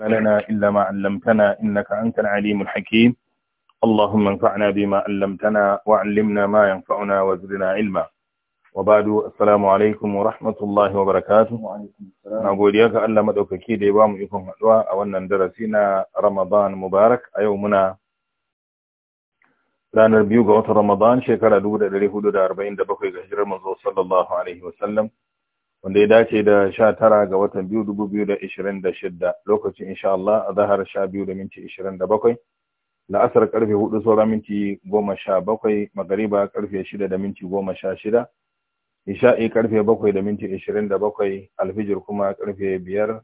لنا إلا ما علمتنا إنك أنت العليم الحكيم اللهم انفعنا بما علمتنا وعلمنا ما ينفعنا وزدنا علما وبعد السلام عليكم ورحمة الله وبركاته نقول ياك ألا مدوككي دي بام يكون هدوا أولا درسينا رمضان مبارك أيومنا ranar biyu ga watan Ramadan shekara 1447 ga hijirar manzo sallallahu alaihi wasallam wanda ya dace da sha tara ga watan biyu dubu biyu da ishirin da shidda lokacin insha Allah a zahar sha biyu da minti ishirin da bakwai la'asar karfe hudu saura minti goma sha bakwai magariba karfe shida da minti goma sha shida isha'i karfe bakwai da minti ishirin da bakwai alfijir kuma karfe biyar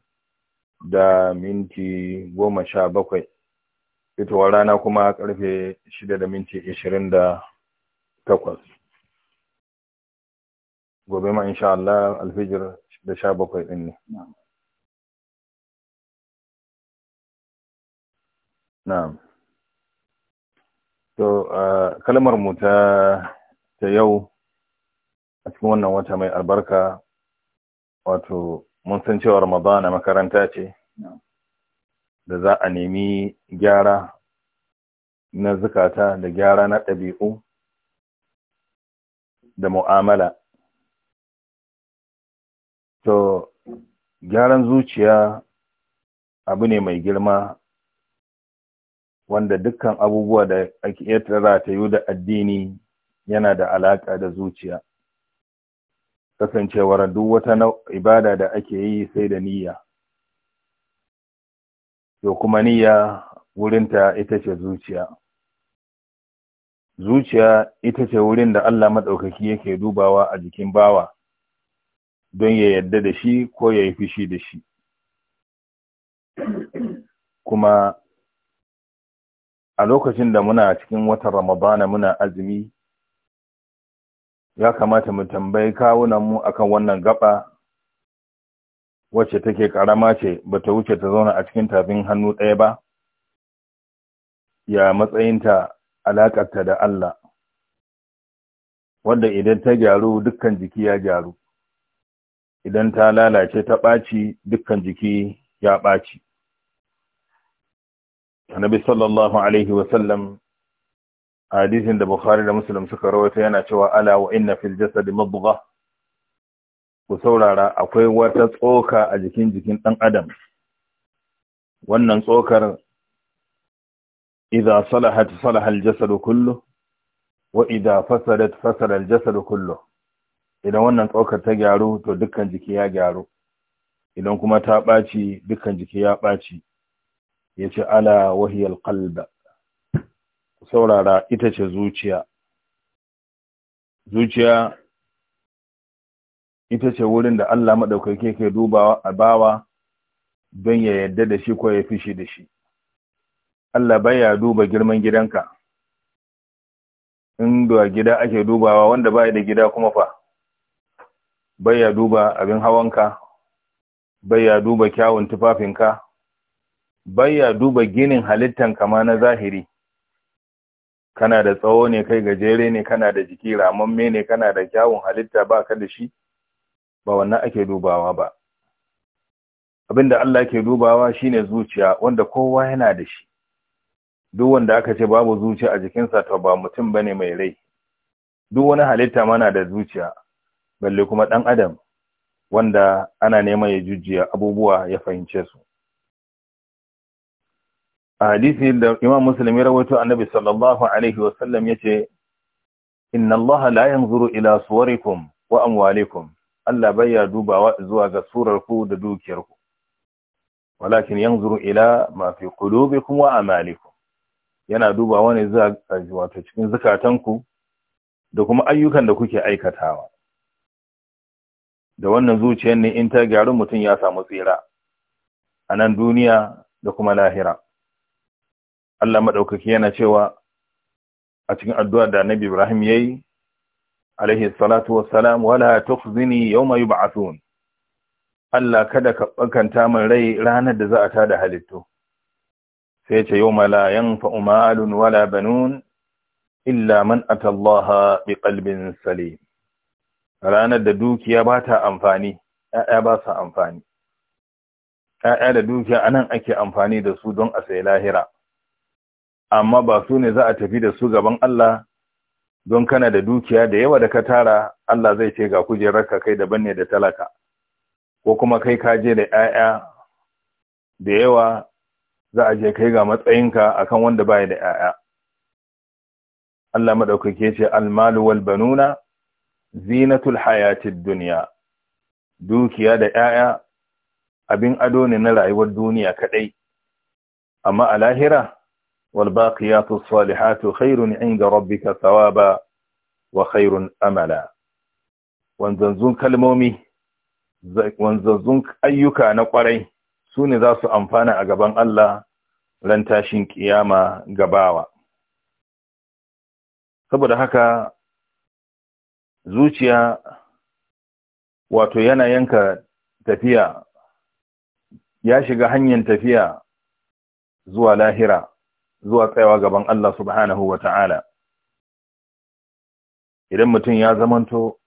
da minti goma sha bakwai fitowar rana kuma karfe shida da minti ishirin da takwas gobe ma insha Allah alfijir da sha bakwai ɗin ne. Na'am. To, kalmar mu ta yau a cikin wannan wata mai albarka wato mun san cewa Ramadana makaranta ce da za a nemi gyara na zukata da gyara na ɗabi'u da mu'amala. to gyaran zuciya abu ne mai girma wanda dukkan abubuwa da ake iya ratayu da addini yana da alaƙa da zuciya kasancewar duk wata ibada da ake yi sai da niyya to kuma niyya wurinta ita ce zuciya zuciya ita ce wurin da Allah maɗaukaki yake dubawa a jikin bawa don ya yarda da shi ko ya yi fushi da shi kuma a lokacin da muna cikin watan ramadana muna azumi ya kamata mu tambayi kawunan mu akan wannan gaba wacce take karama ce ba ta wuce ta zauna a cikin tafin hannu ɗaya ba ya matsayinta alaƙarta da Allah wadda idan ta gyaru dukkan jiki ya gyaru idan ta lalace ta ɓaci dukkan jiki ya ɓaci annabi sallallahu alaihi wasallam hadisin da bukhari da muslim suka rawata yana cewa ala wa inna fil jasadi mabugha ku saurara akwai wata tsoka a jikin jikin ɗan adam wannan tsokar idza salahat salaha al jasadu kullu wa idza fasadat fasada jasadu kullu idan wannan tsokar ta gyaru to dukkan jiki ya gyaru idan kuma ta ɓaci dukkan jiki ya ɓaci ya ce ala wahiyar kalba saurara ita ce zuciya zuciya ita ce wurin da Allah maɗaukai ke dubawa a bawa don ya yadda da shi ko ya fishi da shi Allah baya duba girman gidanka in da gida ake dubawa wanda baya da gida kuma fa bai ya duba abin hawanka bai ya duba kyawun tufafinka bai ya duba ginin halittan kama na zahiri kana da tsawo ne kai gajere ne kana da jiki ramamme ne kana da kyawun halitta ba ka da shi ba wannan ake dubawa ba Abin da Allah ke dubawa shine zuciya wanda kowa yana da shi duk wanda aka ce babu zuciya a jikinsa to ba mutum bane mai rai duk wani halitta mana da zuciya balle kuma ɗan adam wanda ana neman ya jujjiya abubuwa ya fahimce su a hadisi da imam musulmi ya rawaito annabi sallallahu alaihi wasallam ya ce inna allaha la yanzuru ila suwarikum wa amwalikum Allah duba dubawa zuwa ga surarku da dukiyarku walakin yanzuru ila ma fi qulubikum wa amalikum yana dubawa ne zuwa wato cikin zakatanku da kuma ayyukan da kuke aikatawa da wannan zuciyar ne in ta gyaru mutum ya samu tsira a nan duniya da kuma lahira Allah maɗaukaki yana cewa a cikin addu'ar da Annabi Ibrahim ya yi, alaihi salatu wassalam, wala tukhzini yawma yub'athun. Allah kada ka ɓakanta min rai ranar da za a tada halittu. Sai ce yawma la yanfa'u malun wala banun illa man ata bi qalbin salim. ranar da dukiya ba ta amfani ‘ya'ya ba sa amfani ‘ya'ya da dukiya a nan ake amfani da su don a sai lahira amma ba su ne za a tafi da su gaban Allah don kana da dukiya da yawa da ka tara Allah zai ce ga ka kai daban ne da talaka ko kuma kai ka je da ‘ya'ya da yawa za a je kai ga matsayinka akan wanda baya da ‘ya'ya. Allah maɗaukake ce almalu wal banuna زينة الحياة الدنيا دوكيا دا ايا ابين ادوني نلا ايوا كأي اما الاهرة والباقيات الصالحات خير عند ربك ثوابا وخير املا وانزنزون المومي وانزنزون ايوكا نقري سوني ذا سو انفانا اقبان الله لن تاشين قياما قباوا سبو دا zuciya wato yana yanka tafiya ya shiga hanyar tafiya zuwa lahira zuwa tsayawa gaban Allah subhanahu wa ta'ala idan mutum ya zamanto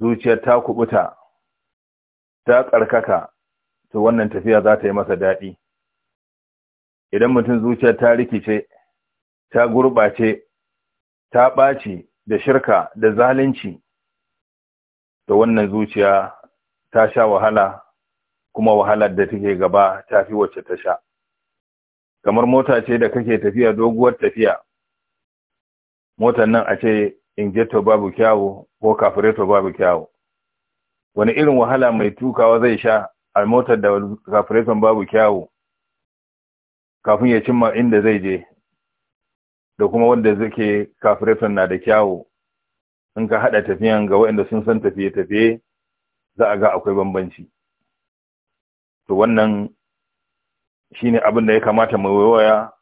zuciyar ta kubuta ta karkaka, to wannan tafiya za ta yi masa daɗi idan mutum zuciyar ta rikice ta gurɓace ta ɓaci da shirka da zalunci da wannan zuciya ta sha wahala kuma wahalar da take gaba ta fi wacce ta sha kamar mota ce da kake tafiya doguwar tafiya motar nan a ce injeto babu kyawu ko kafireto babu kyawu wani irin wahala mai tukawa zai sha a motar da kafireton babu kyawu kafin ya cimma inda zai je da kuma wanda zake kafiratan na da kyawu in ka haɗa tafiyan ga waɗanda sun san tafiye-tafiye za a ga akwai bambanci to wannan shine abin da ya kamata mu waya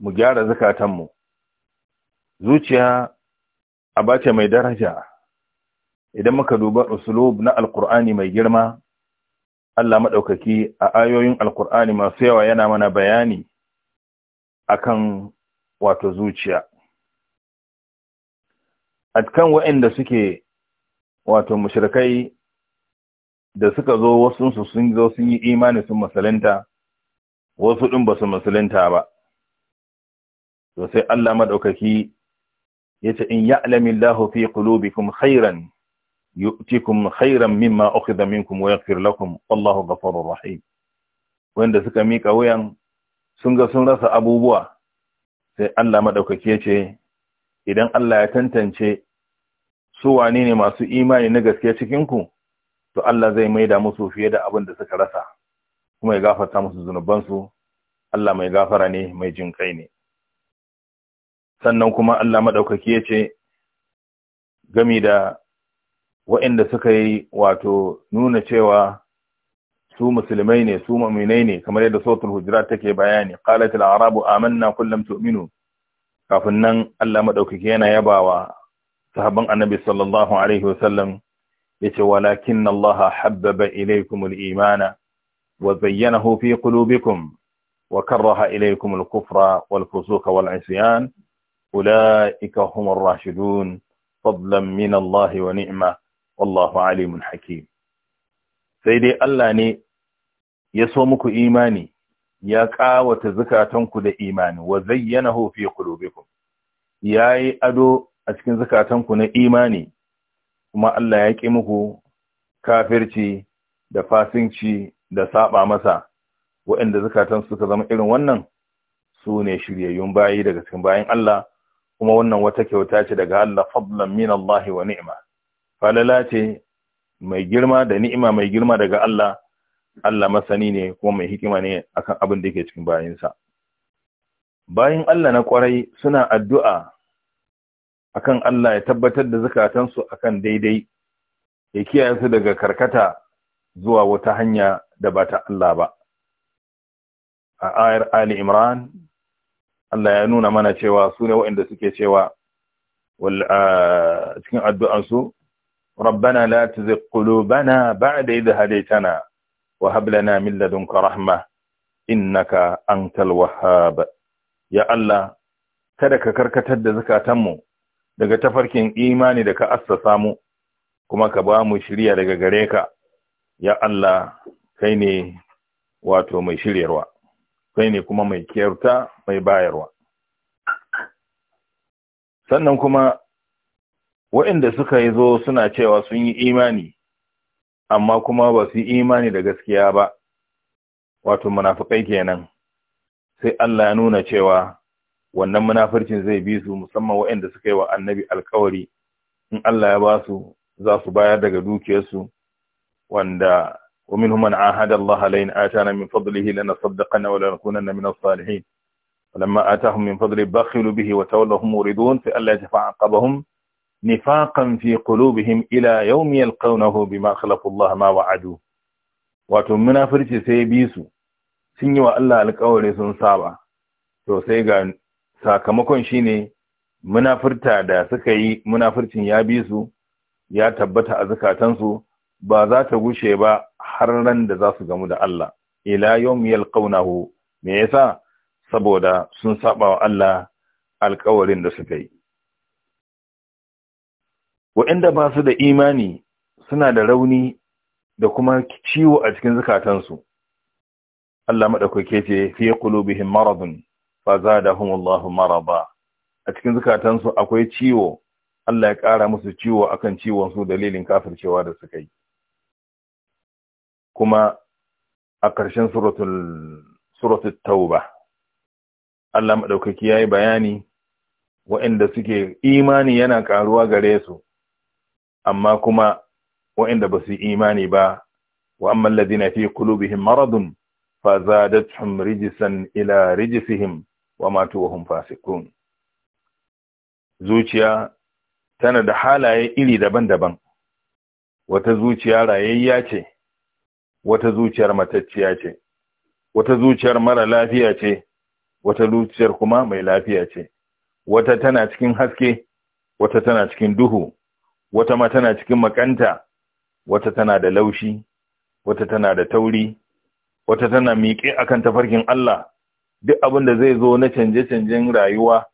mu gyara zakatan mu zuciya abace mai daraja idan muka duba usulub na alkur'ani mai girma Allah maɗaukaki a ayoyin alkur'ani masu yawa yana mana bayani akan wato zuciya a kan waɗanda suke wato mashirikai da suka zo wasu sun zo sun yi imani sun masalinta wasu ɗin ba su musulunta ba to sai Allah madaukaki ce in ya'lamu Allahu fi qulubikum khairan yu'tikum khairan mimma ukhidha minkum wa yaghfir lakum wallahu ghafurur rahim wanda suka mika wuyan sun ga sun rasa abubuwa sai Allah ya ce, idan Allah ya tantance su wane ne masu imani na gaske cikin ku to Allah zai maida musu fiye da abin da suka rasa kuma ya gafarta musu zunubansu Allah mai gafara ne mai jin kai ne sannan kuma Allah ya ce, gami da waɗanda suka yi wato nuna cewa su musulmai ne su mu'minai ne kamar yadda suratul hujurat take bayani qalat al-arabu amanna qul lam tu'minu kafin nan Allah madaukake yana yabawa sahabban annabi sallallahu alaihi wasallam yace walakin Allah habbaba ilaykum al-imana wa zayyanahu fi qulubikum wa karaha ilaykum al-kufra wal-fusuqa wal-'isyan ulaika humur rashidun fadlan min Allah wa ni'ma wallahu alimun hakim sai dai Allah ne ya so muku imani ya ƙawata zukatanku da imani wa zayyanahu fi qulubikum yayi ado a cikin zukatanku na imani kuma Allah ya ki muku kafirci da fasinci da saba masa waɗanda zukatansu suka zama irin wannan su ne shiryayyun bayi daga cikin bayan Allah kuma wannan wata kyauta ce daga Allah fadlan min Allah wa ni'ma falala ce mai girma da ni'ima mai girma daga Allah Allah masani ne kuma mai hikima ne akan abin da yake cikin bayinsa bayin Allah na kwarai suna addu'a akan Allah ya tabbatar da zakatansu akan daidai ya kiyaye su daga karkata zuwa wata hanya da ba ta Allah ba a ayar Ali Imran Allah ya nuna mana cewa su ne waɗanda suke cewa cikin addu'ansu ربنا لا تزغ قلوبنا بعد إذ هديتنا وهب لنا من لدنك رحمة إنك أنت الوهاب يا الله kada ka karkatar da zakatanmu daga tafarkin imani da ka assasa mu kuma ka ba mu shirya daga gare ka ya Allah kai ne wato mai shiryarwa kai ne kuma mai kyauta mai bayarwa sannan kuma waɗanda suka yi zo suna cewa sun yi imani amma kuma ba su yi imani da gaskiya ba wato munafukai kenan sai Allah ya nuna cewa wannan munafircin zai bi su musamman waɗanda suka yi wa annabi alkawari in Allah ya ba su za su bayar daga dukiyarsu wanda ومن minhum man ahada Allah lain atana min fadlihi lanasaddaqanna ولا lanakunanna من الصالحين salihin falamma من min بخلوا به وتولوا wa tawallahum muridun fa Allah nifaqan fi qulubihim ila yawmi yalqawnahu bima khalaqa Allah ma wa'adu wato munafirci sai bisu, sun yi wa Allah alƙawari sun saba to sai ga sakamakon shine munafirta da suka yi munafircin ya bisu, ya tabbata a zakatansu ba za ta gushe ba har ran da za su gamu da Allah ila yawmi yalqawnahu me yasa saboda sun saba wa Allah alƙawarin da suka yi waɗanda ba su da imani suna da rauni da kuma ciwo a cikin zukatansu Allah maɗaukake ce fi qulubihim maradun fa zadahum Allahu a cikin zukatansu akwai ciwo Allah ya ƙara musu ciwo akan ciwon su dalilin kafircewa da suka yi kuma a ƙarshen suratul suratul tauba Allah maɗaukaki yayi bayani waɗanda suke imani yana ƙaruwa gare su amma kuma wa'inda ba su imani ba wa amman ladina fi qulubihim maradun fa zadatuhum rijsan ila rijsihim wa matu wa hum fasiqun zuciya tana da halaye iri daban-daban wata zuciya rayayya ce wata zuciyar matacciya ce wata zuciyar mara lafiya ce wata zuciyar kuma mai lafiya ce wata tana cikin haske wata tana cikin duhu wata ma tana cikin makanta wata tana da laushi wata tana da tauri wata tana miƙe akan tafarkin Allah duk abin da zai zo na canje-canjen rayuwa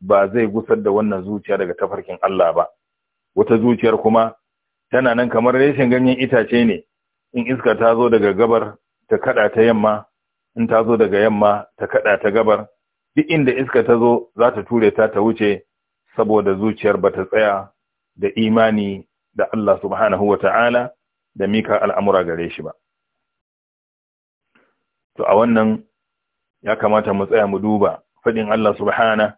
ba zai gusar da wannan zuciya daga tafarkin Allah ba wata zuciyar kuma tana nan kamar reshen ganyen itace ne in iska ta zo daga gabar ta kada ta yamma in ta zo daga yamma ta kada ta gabar duk inda iska ta zo za ta ture ta ta wuce saboda zuciyar ba ta tsaya da imani da Allah subhanahu wa ta'ala da mika al'amura gare shi ba. To, a wannan ya kamata mu tsaya mu duba faɗin Allah subhana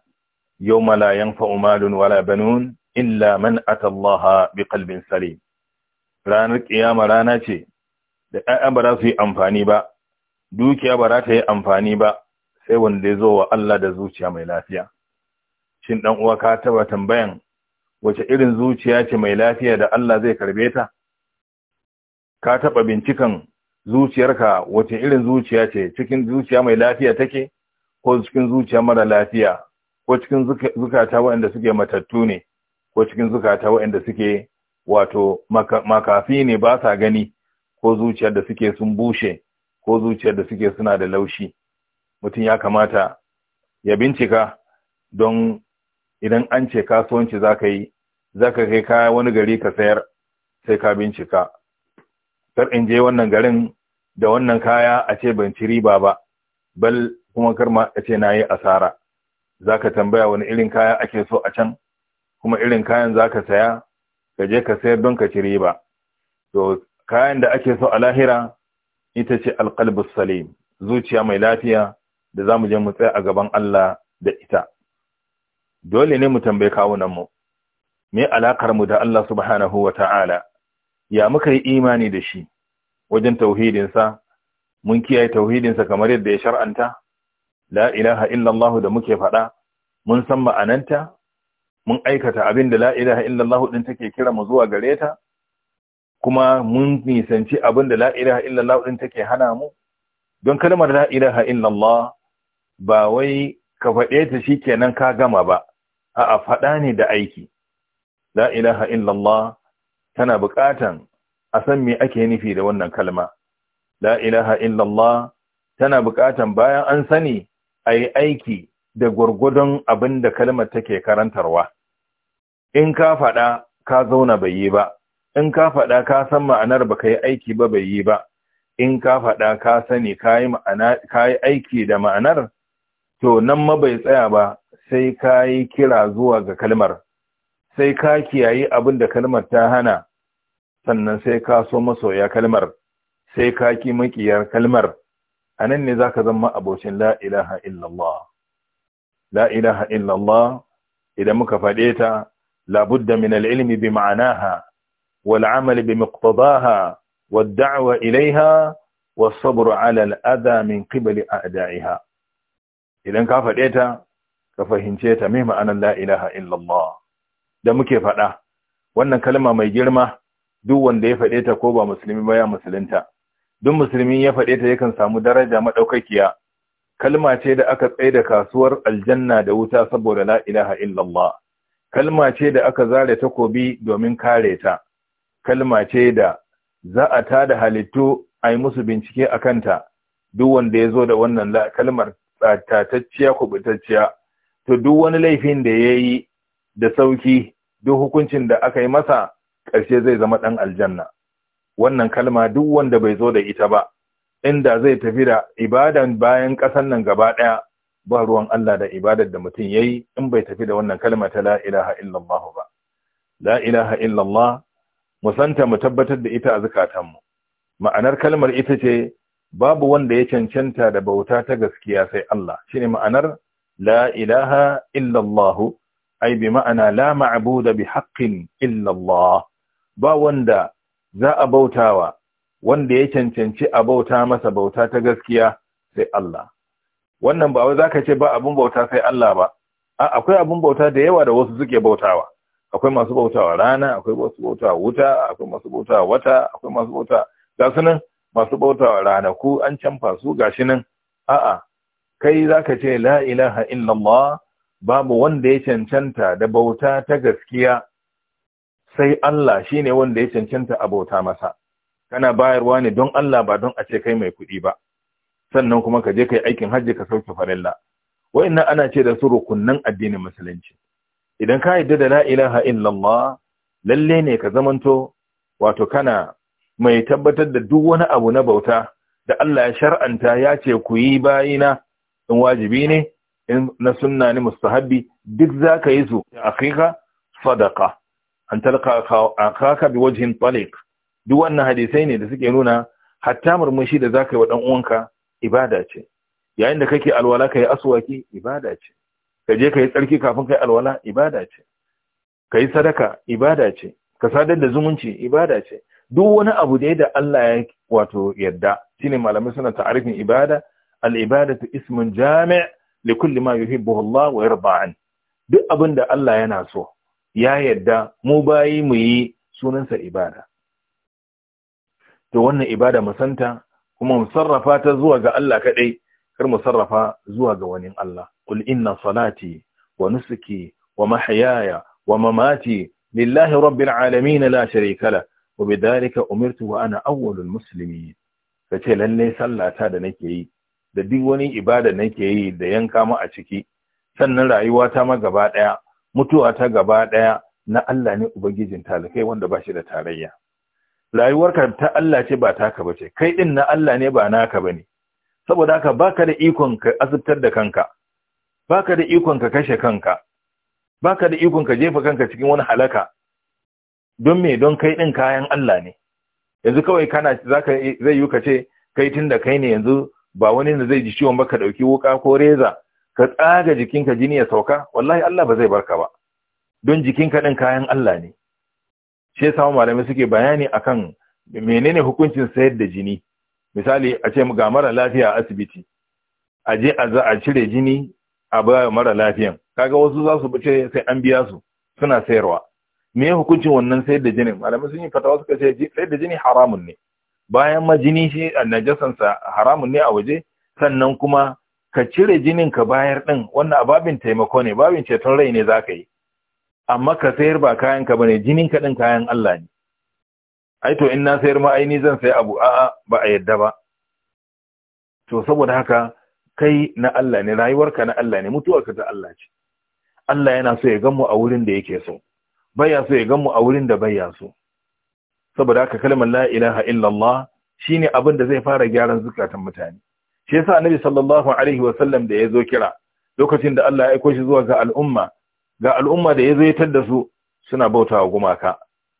yau malayan fa'umalun wala banun illa man atallaha bi kalbin salim. Ranar ƙiyama rana ce, da ‘ya'ya ba za su yi amfani ba, dukiya ba za ta yi amfani ba, sai wanda ya zo wa Allah da zuciya mai lafiya. Shin ɗan uwa ka taba tambayan wace irin zuciya ce mai lafiya da Allah zai karbe ta ka taɓa bincikan zuciyarka wace irin zuciya ce cikin zuciya mai lafiya take ko cikin zuciya mara lafiya ko cikin zukata waɗanda suke matattu ne ko cikin zukata waɗanda suke wato makafi ne ba sa gani ko zuciyar da suke sun bushe ko zuciyar da suke suna da laushi mutum ya kamata ya bincika don idan an ce kasuwanci za ka yi za ka kai kaya wani gari ka sayar sai ka bincika kar in je wannan garin da wannan kaya a ce ban ci riba ba bal kuma kar ma a ce na yi asara za ka tambaya wani irin kaya ake so a can kuma irin kayan za ka saya ka je ka sayar don ka ci riba to kayan da ake so a lahira ita ce alqalbu salim zuciya mai lafiya da za mu je mu tsaya a gaban Allah da ita dole ne mu tambaye mu. me alakar mu da Allah subhanahu wa ta'ala ya muka yi imani da shi wajen tauhidinsa mun kiyaye tauhidinsa kamar yadda ya shar'anta la ilaha illallah da muke faɗa mun san ma'ananta mun aikata abin da la ilaha illallah ɗin take kira mu zuwa gare ta kuma mun nisanci abin da la ilaha illallah ɗin take hana mu don kalmar la ilaha illallah ba wai ka faɗe ta kenan ka gama ba a'a faɗa ne da aiki la ilaha illallah tana buƙatan a san me ake nufi da wannan kalma la ilaha illallah tana buƙatan bayan an sani a aiki da gurgudun abin da kalmar take karantarwa in ka faɗa ka zauna bai yi ba in ka faɗa ka san ma'anar ba ka yi aiki ba bai yi ba in ka faɗa ka sani ka yi aiki da ma'anar to nan ma bai tsaya ba sai ka yi kira zuwa ga kalmar sai ka kiyayi abin da kalmar ta hana sannan sai ka so masoya kalmar sai ka ki makiyar kalmar a nan ne za ka zama abocin la ilaha illallah la ilaha illallah idan muka faɗe ta labudda min al'ilmi bi ma'anaha wal'amali bi miqtadaha wadda'awa ilaiha wasabru alal azamin min a da'iha, idan ka faɗe ta ka fahimce ta mai ma'anar la'ilaha illallah da muke faɗa wannan kalma mai girma duk wanda ya faɗe ta ko ba musulmi ba ya musulunta duk musulmi ya faɗe ta yakan samu daraja maɗaukakiya, kalma ce da aka tsaye da kasuwar aljanna da wuta saboda la ilaha illallah kalma ce da aka zare takobi domin kare ta kalma ce da za a tada halittu a yi musu bincike a kanta duk wanda ya zo da wannan kalmar tatacciya kubutacciya to duk wani laifin da ya yi da sauki duk hukuncin da aka yi masa ƙarshe zai zama ɗan aljanna wannan kalma duk wanda bai zo da ita ba inda zai tafi da ibadan bayan ƙasar nan gaba ɗaya ba ruwan Allah da ibadar da mutum yayi in bai tafi da wannan kalma ta la ilaha illallah ba la ilaha illallah mu mu tabbatar da ita a mu. ma'anar kalmar ita ce babu wanda ya cancanta da bauta ta gaskiya sai Allah shine ma'anar la ilaha illallah ai bi ma'ana la ma'buda bi haqqin illa Allah ba wanda za a bautawa wanda ya cancanci a bauta masa bauta ta gaskiya sai Allah wannan ba wai zaka ce ba abun bauta sai Allah ba a akwai abun bauta da yawa da wasu suke bautawa akwai masu bautawa rana akwai masu bautawa wuta akwai masu bautawa wata akwai masu bautawa ga sunan masu bautawa ranaku an canfa su gashi nan a'a kai zaka ce la ilaha illallah babu wanda ya cancanta da bauta ta gaskiya sai Allah shi ne wanda ya cancanta a bauta masa kana bayarwa ne don Allah ba don a ce kai mai kuɗi ba sannan kuma ka je kai aikin hajji ka sauke farilla wa'annan ana ce da su rukunnan addinin musulunci idan ka yarda da la ilaha illallah lalle ne ka zamanto wato kana mai tabbatar da duk wani abu na bauta da Allah ya shar'anta ya ce ku yi bayina in wajibi ne in na sunna ne mustahabbi duk zaka yi su akika sadaqa an talqa akaka bi wajen taliq duk wannan hadisai ne da suke nuna hatta murmushi da zaka yi wa dan uwanka ibada ce yayin da kake alwala kai aswaki ibada ce Ka ka kai tsarki kafin kai alwala ibada ce kai sadaka ibada ce ka sadar da zumunci ibada ce duk wani abu da da Allah ya wato yadda shine malamai suna ta'arifin ibada al-ibadatu ismun jami' li kulli ma yuhibbuhu Allah wa yarda duk abin da Allah yana so ya yadda mu bayi mu yi sunansa ibada to wannan ibada mu santa kuma mu sarrafa ta zuwa ga Allah kadai kar mu sarrafa zuwa ga wani Allah qul inna salati wa nusuki wa mahyaya wa mamati lillahi rabbil alamin la sharika la wa bidhalika umirtu wa ana awwalul muslimin ce lalle sallata da nake yi da duk wani ibada nake yi da yanka mu a ciki sannan rayuwa ta ma gaba ɗaya mutuwa ta gaba ɗaya na Allah ne ubangijin talakai wanda ba shi da tarayya rayuwarka ta Allah ce ba taka bace kai din na Allah ne ba naka bane saboda haka baka da ikon ka azubtar da kanka baka da ikon ka kashe kanka baka da ikon ka jefa kanka cikin wani halaka don me don kai din kayan Allah ne yanzu kawai kana zaka zai yi ka ce kai tunda kai ne yanzu ba wani da zai ji ciwon ba ka ɗauki wuka ko reza ka tsaga jikinka jini ya sauka wallahi Allah ba zai barka ba don jikinka din kayan Allah ne shi yasa malamai suke bayani akan menene hukuncin sayar da jini misali a ce ga mara lafiya a asibiti a je a za a cire jini a ba mara lafiyan kaga wasu za su ce sai an biya su suna sayarwa me hukuncin wannan sayar da jini? malamai sun yi fatawa suka ce sayar da jini haramun ne bayan majini shi a najasansa haramun ne a waje sannan kuma ka cire jinin ka bayar ɗin wannan ababin taimako ne babin ceton rai ne za ka yi amma ka sayar ba kayan ka bane jinin ka ɗin kayan Allah ne ai to in na sayar ma aini zan sayi abu a'a ba a yadda ba to saboda haka kai na Allah ne rayuwarka na Allah ne mutuwarka ta Allah ce Allah yana so ya gan a wurin da yake so ya so ya gan a wurin da baya so saboda haka kalmar la ilaha illallah shine abin da zai fara gyaran zukatan mutane shi yasa annabi sallallahu alaihi wa sallam da yazo kira lokacin da Allah ya aiko shi zuwa ga al'umma ga al'umma da yazo ya da su suna bautawa gumaka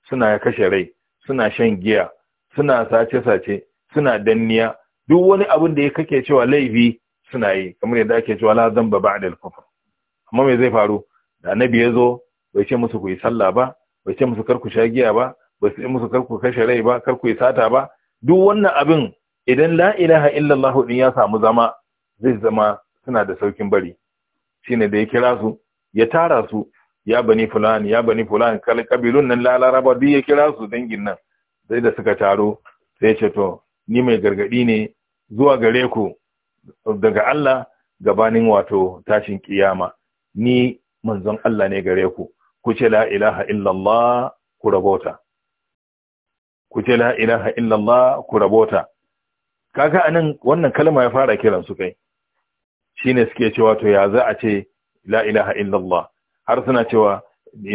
suna kashe rai suna shan giya suna sace sace suna danniya duk wani abin da ya kake cewa laifi suna yi kamar yadda ake cewa la zamba ba'da al-kufr amma me zai faru da annabi yazo bai ce musu ku yi sallah ba bai ce musu kar ku sha giya ba ba su yi musu karku kashe rai ba karku yi sata ba duk wannan abin idan la ilaha illallah din ya samu zama zai zama suna da saukin bari shine da ya kira su ya tara su ya bani fulan ya bani fulan kal kabilun nan la laraba duk ya kira su dangin nan sai da suka taro sai ce to ni mai gargadi ne zuwa gare ku daga Allah gabanin wato tashin kiyama ni manzon Allah ne gare ku ku ce la ilaha illallah ku rabota ku ce la ilaha illallah ku rabota kaga anan wannan kalma ya fara kiran su kai shine suke cewa to ya za a ce la ilaha illallah har suna cewa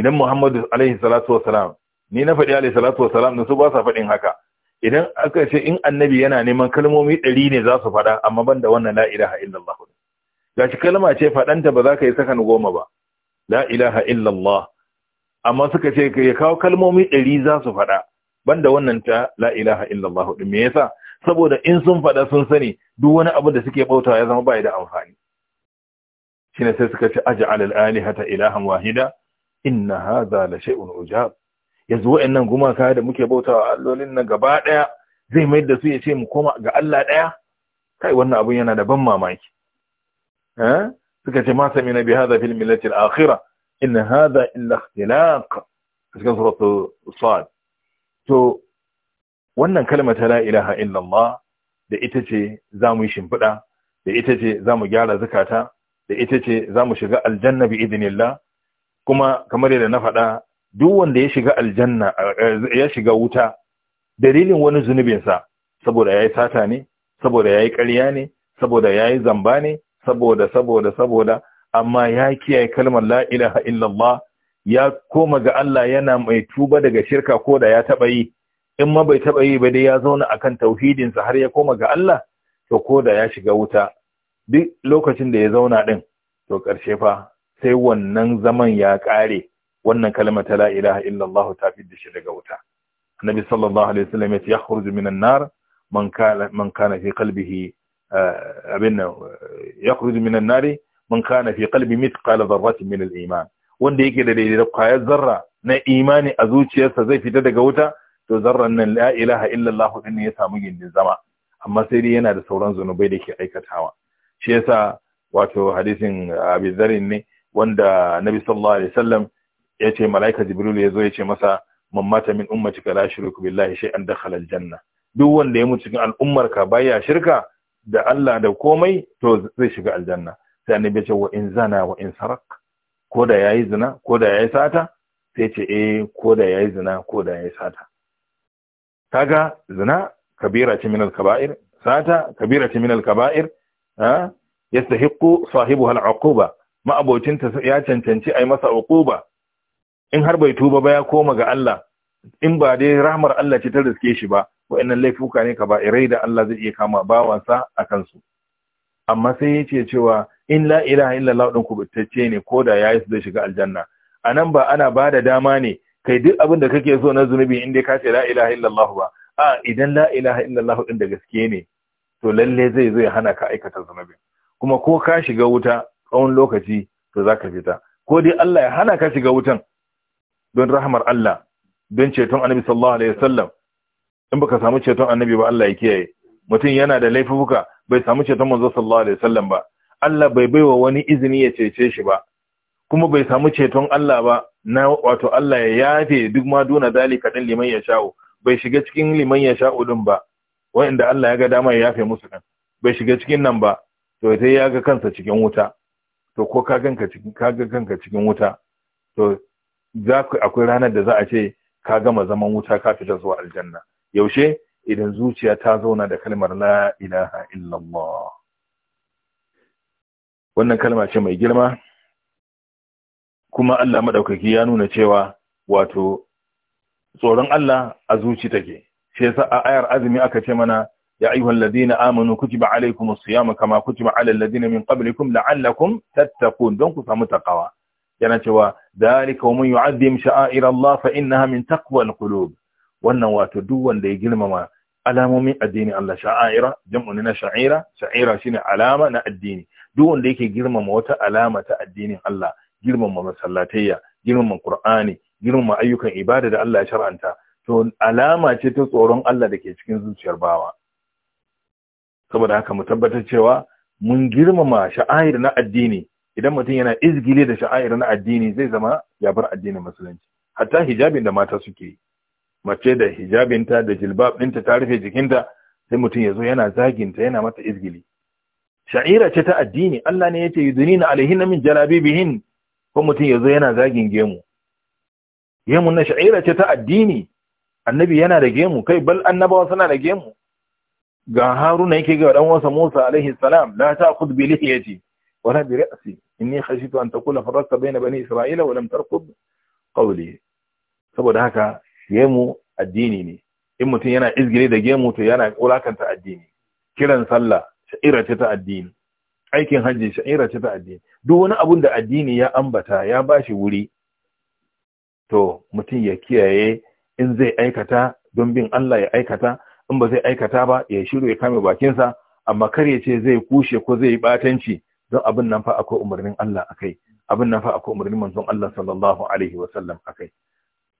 idan Muhammadu alaihi salatu wassalam ni na faɗi alaihi salatu wassalam din su ba sa faɗin haka idan aka ce in annabi yana neman kalmomi ɗari ne za su faɗa amma ban da wannan la ilaha illallah ga shi kalma ce faɗanta ba za ka yi sakan goma ba la ilaha illallah amma suka ce ya kawo kalmomi ɗari za su faɗa banda wannan ta la ilaha illallah din me yasa saboda in sun fada sun sani duk wani abu da suke bautawa ya zama bai da amfani shine sai suka ce aj'al al-alihata ilahan wahida inna hadha la shay'un ujab yanzu wayannan gumaka da muke bautawa allolin nan gaba daya zai mai da su ya ce mu koma ga Allah daya kai wannan abun yana da ban mamaki eh suka ce ma samina bi hadha fil millati al-akhirah in hadha illa ikhtilaq cikin suratu sad to wannan kalmar ta la ilaha illallah da ita ce za mu yi shimfiɗa da ita ce za mu gyara zukata da ita ce za mu shiga aljanna bi idinillah kuma kamar yadda na faɗa duk wanda ya shiga aljanna eh, ya shiga wuta dalilin wani zunubinsa saboda ya yi sata ne saboda ya yi ƙarya ne saboda ya yi zamba ne saboda saboda saboda amma ya kiyaye kalmar la ilaha illallah ya koma ga Allah yana mai tuba daga shirka ko da ya taba yi in ma bai taɓa yi ba dai ya zauna a kan ta'uhidinsa har ya koma ga Allah to ko da ya shiga wuta duk lokacin da ya zauna din to ƙarshe fa sai wannan zaman ya kare wannan kalmar ta la'ilaha illallah ta da shi daga wuta annabi sallallahu alaihi wasallam ya ce yakhruju minan nar man kana fi qalbihi eh, abin eh, yakhruju minan nari man kana fi min al-iman wanda yake da daidai da kwayar zarra na imani a zuciyarsa zai fita daga wuta to zarran nan la ilaha illallah din ya samu gindin zama amma sai dai yana da sauran zunubai da ke aikatawa shi yasa wato hadisin Abi Dharrin ne wanda Nabi sallallahu alaihi wasallam ya ce malaika Jibril ya zo ya ce masa man mata min ummatika la yushriku billahi shay'an dakhala aljanna duk wanda ya mutu cikin al'ummarka baya shirka da Allah da komai to zai shiga aljanna sai annabi ya ce wa in zana wa in saraka ko da yi zina ko da yi sata sai ce eh ko da yi zina ko da yi sata kaga zina kabira ce min al-kaba'ir sata kabira ce min al-kaba'ir ha yastahiqu sahibuha al-uquba ma'abocinta ya cancanci ai masa uquba in har bai tuba ba ya koma ga Allah in ba dai rahmar Allah ce ta riske shi ba wa'annan laifuka ne kaba'irai da Allah zai iya kama bawansa a kansu amma sai yace cewa in la ilaha illallah din kubutacce ne ko da yayi su zai shiga aljanna anan ba ana ba da dama ne kai duk abin da kake so na zunubi in dai ka ce la ilaha illallah ba a idan la ilaha illallah din da gaske ne to lalle zai zo ya hana ka aikata zunubi kuma ko ka shiga wuta tsawon lokaci to zaka fita ko dai Allah ya hana ka shiga wutan don rahmar Allah don ceton Annabi sallallahu alaihi wasallam in baka samu ceton Annabi ba Allah ya kiyaye mutum yana da laifuka bai samu ceton manzo sallallahu alaihi wasallam ba Allah bai bai wa wani izini ya cece shi ba kuma bai samu ceton Allah ba na wato Allah ya yafe duk ma dona kaɗan din liman ya sha'u bai shiga cikin liman ya sha'u din ba wanda Allah ya ga dama ya yafe musu din bai shiga cikin nan ba to sai ya ga kansa cikin wuta to ko ka ganka cikin ka ga kanka cikin wuta to za ku akwai ranar da za a ce ka gama zaman wuta ka fita zuwa aljanna yaushe idan zuciya ta zauna da kalmar la ilaha illallah wannan kalma ce mai girma kuma Allah maɗaukaki ya nuna cewa wato tsoron Allah a zuci take shi yasa a ayar azumi aka ce mana ya ayyuhal ladina amanu kutiba alaykumus siyam kama kutiba alal ladina min qablikum la'allakum tattaqun don ku samu takawa yana cewa dalika wa man yu'azzim sha'air Allah fa innaha min taqwal qulub wannan wato duk wanda ya girmama alamomin addini Allah sha'aira jam'u na sha'ira sha'ira shine alama na addini duk wanda yake girmama wata alama ta addinin Allah girmama masallatayya girmama Qur'ani girmama ayyukan ibada da Allah ya shar'anta to alama ce ta tsoron Allah da ke cikin zuciyar bawa saboda haka mu tabbatar cewa mun girmama sha'air na addini idan mutum yana izgile da sha'air na addini zai zama ya bar addinin musulunci hatta hijabin da mata suke mace da hijabinta da jilbab ɗinta ta rufe jikinta sai mutum ya zo yana zaginta yana mata izgili sha'ira ce ta addini Allah ne yace yudunina alaihinna min jalabibihin ko mutum yazo yana zagin gemu gemu na sha'ira ce ta addini annabi yana da gemu kai bal annabawa suna da gemu ga haruna yake ga dan wasa Musa alaihi salam la ta'khud bi lihiyati la bi ra'si inni khashitu an takuna farqa bayna bani isra'ila wa lam tarqub qawli saboda haka gemu addini ne in mutum yana izgire da gemu to yana wulakanta addini kiran sallah sha'ira ce ta addini aikin hajji sha'ira ce ta addini duk wani abun da addini ya ambata ya bashi wuri to mutum ya kiyaye in zai aikata don bin Allah ya aikata in ba zai aikata ba ya shiru ya kame bakinsa amma kar ya ce zai kushe ko zai yi batanci don abin nan fa akwai umarnin Allah akai abin nan fa akwai umarnin manzon Allah sallallahu alaihi wa sallam akai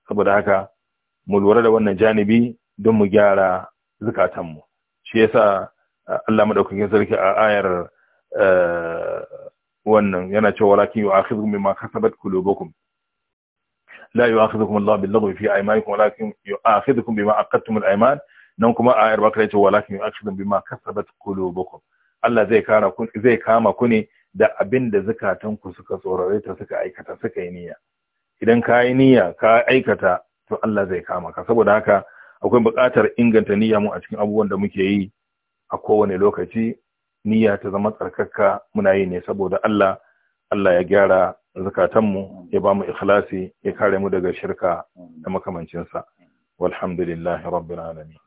saboda haka mu lura da wannan janibi don mu gyara zukatanmu shi yasa Allah madaukakin sarki a ayar eh, wannan yana cewa walakin yu'akhidhukum bima kasabat qulubukum la yu'akhidhukum Allah bil laghwi fi aymanikum walakin yu'akhidhukum bima aqadtum al ayman nan kuma ayar bakara ce walakin yu'akhidhukum bima kasabat qulubukum Allah zai kara ku zai kama ku ne da abin da zakatan ku suka tsorare ta suka aikata suka yi niyya idan ka yi niyya ka aikata to Allah zai kama ka saboda haka akwai buƙatar inganta niyya mu a cikin abubuwan da muke yi a kowane lokaci niyya ta zama tsarkakka muna yi ne saboda Allah Allah ya gyara zakatanmu ya ba mu ikhlasi ya kare mu daga shirka da makamancinsa walhamdulillahi rabbil alamin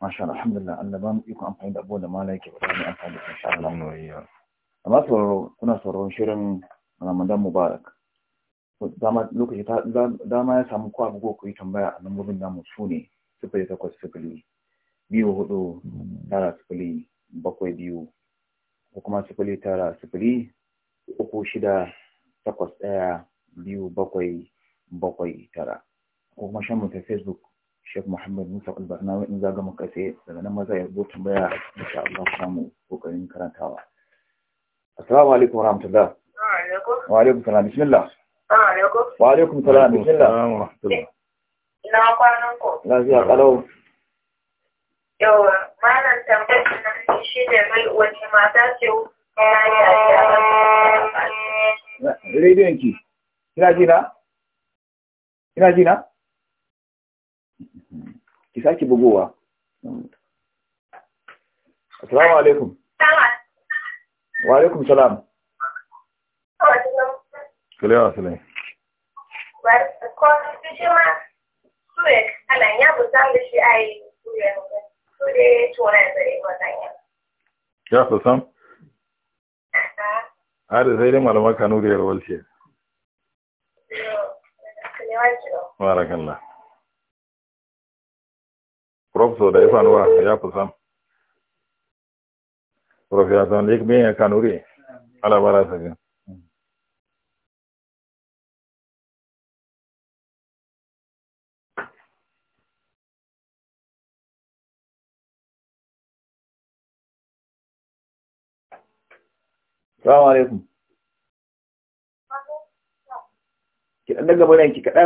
masha Allah alhamdulillah Allah ba mu iko amfani da abubuwan da mala yake ba mu amfani da insha Allah amma sauraro kuna sauraron shirin Ramadan Mubarak dama lokaci dama ya samu ko abugo ku yi tambaya a lambobin namu su ne sifili biyu hudu hmm. tara sifili bakwai biyu ko kuma sifili tara sifili uku shida takwas ɗaya biyu bakwai bakwai tara ko kuma shan mutu facebook Sheikh Muhammad Musa Albarnawa in zaga maka sai daga nan maza ya rubuta tambaya insha Allah samu kokarin karantawa. Assalamu alaikum wa rahmatullah. Wa alaikum salam bismillah. Wa alaikum salam bismillah. Na kwanan ko? Lafiya kalau. yawa malam tambayar da na shi da mai wace mata ce ya yi a rediyon ki kina jina kina jina ki sake bugowa assalamu alaikum wa alaikum salam kulewa sulai ko shi ma su ya kalan ya busan da shi a yi su 就是出来这里我咱也。Ya su san? Ada sai dai malaman Kano da Yarwar ce. Barakallah. Professor da Ifan wa ya fi san. Professor ya san, ya Kano ne? Ala bara sakin. salamu alaikum daga bayan ki kira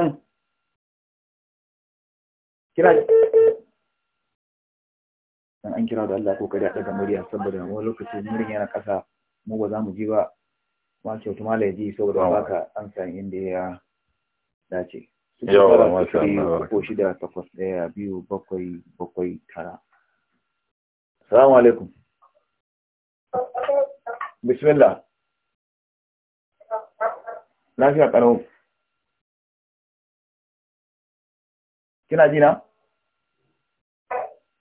an kira da Allah ko kada daga murya saboda wani lokaci murin yana kasa mu ba za mu ji ba ma kyautu mala ya an san inda ya dace yawa masha Allah shida takwas biyu bakwai bakwai tara alaikum bismillah lafiya ƙarau kina jina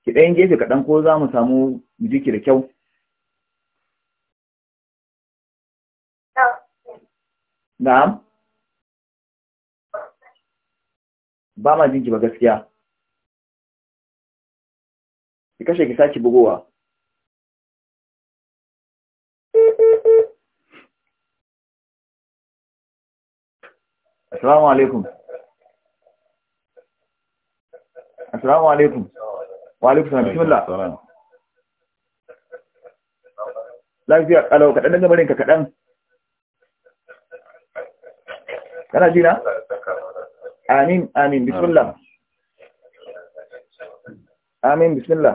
ki ɗayan gefe kaɗan ko za mu samu jiki da kyau na'am ba ma jinki ba gaskiya ki kashe ki saki bugowa السلام عليكم السلام عليكم وعليكم السلام بسم الله لا يجي الو كدان دنا بارينكا كدان كانا جينا امين امين بسم الله امين بسم الله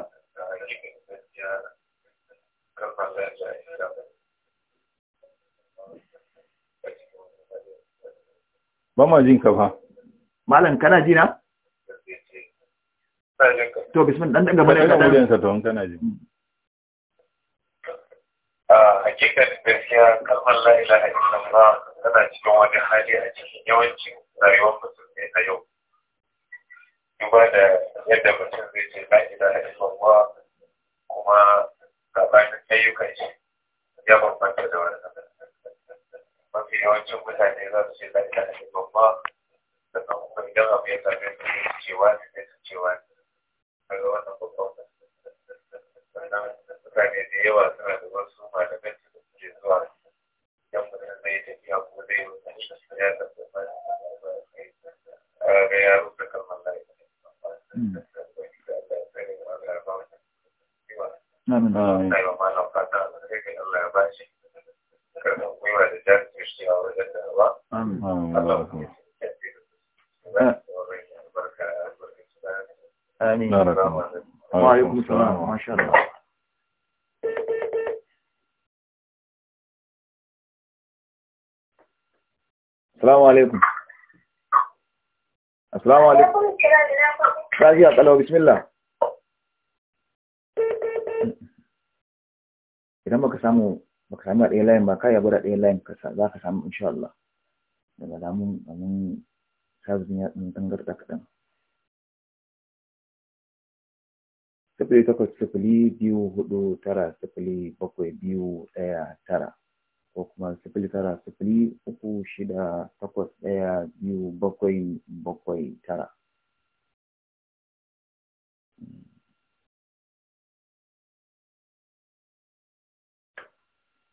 ba ma jin ka ba malam kana ji na to bismillah dan daga bare ka dan sa to kana ji ah hakikar gaskiya kalmar la ilaha illallah tana cikin wani hali a cikin yawancin rayuwar mutum ne a yau duba da yadda mutum zai ce la ilaha illallah kuma gabanin ayyukan shi ya bambanta da wani mafi yawancin mutane za su ce lafiya da babba sannan kuma idan abu ya same su cewa ne sai su cewa ne daga wannan babban sannan mutane da yawa suna da wasu malamai da suke zuwa idan mutum zai tafiya ko zai yi wani ya tafi ga yaro da kalmar lafiya Amin. Allah ya bashi. karfin gwiwa da jajircewa wajen da ba. Allah ku Amin. Wa alaikum Idan baka samu baka samu a ɗaya layin ba ka yabo da ɗaya layin za ka samu insha Allah daga damun amin sabbin ya ɗan da kaɗan sifili takwas sifili biyu hudu tara sifili bakwai biyu ɗaya tara ko kuma sifili tara sifili uku shida takwas ɗaya biyu bakwai bakwai tara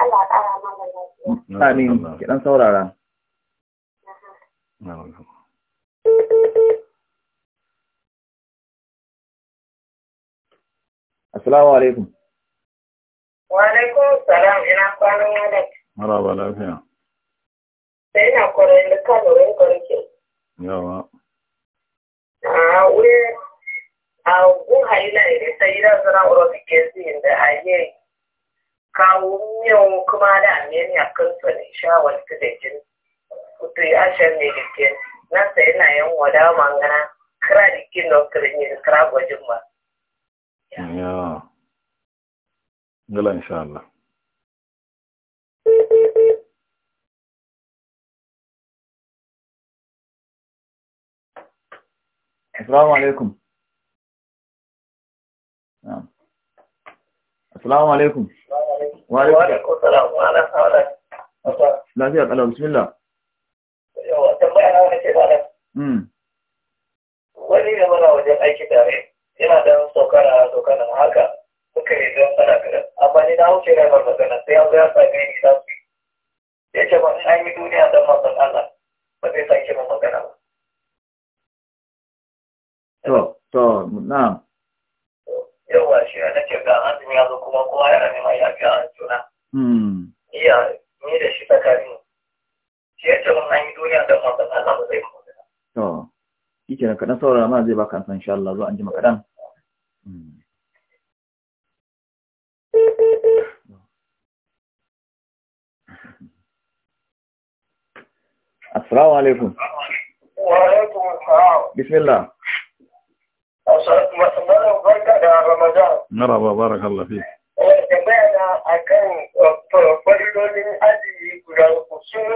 Allah ƙara mana lafiya. Amin, ki dan saurara. Assalamu alaikum. Wa alaikum salam ina kwanan wadda. Maraba lafiya. Sai na kwanan da kanurin kwanke. Yawa. A wuri a gun haila ne sai idan zira wuro suke zin da a yi kawunyan kuma da aminiya kansa ne shawarta da jin kutu ya shan ne da ke nasa yana yan wada mangana kira da ke yin kira gwajin ma. Ya. insha Allah. Assalamu alaikum. Yeah. Assalamu alaikum. Wa alaikum salam. Lafiya kala bismillah. Yawa tambaya na wani ce ba Mm. Wani ne mana wajen aiki tare yana da sokara sokara haka muka yi don fara kadan amma ni na wuce na bar magana sai ya zo ya sa gani na su. Ya ce ba an yi duniya don masan Allah ba zai sake mun magana ba. To, to, na'am. yawa shi ya nake ga azumi ya zo kuma kowa yana neman yafiya a juna hmm. iya ni da shi tsakanin shi ya ce mun an yi duniya da mazan Allah ba zai mutu to shi kenan kaɗan saurara ma zai baka san insha Allah zo an jima kaɗan hmm. Assalamu alaikum. Wa alaikum assalam. Bismillah. Malam barka da Ramadan. Maraba barakallah fi. Eh, akan eh, farlolin azumi guda uku. Sun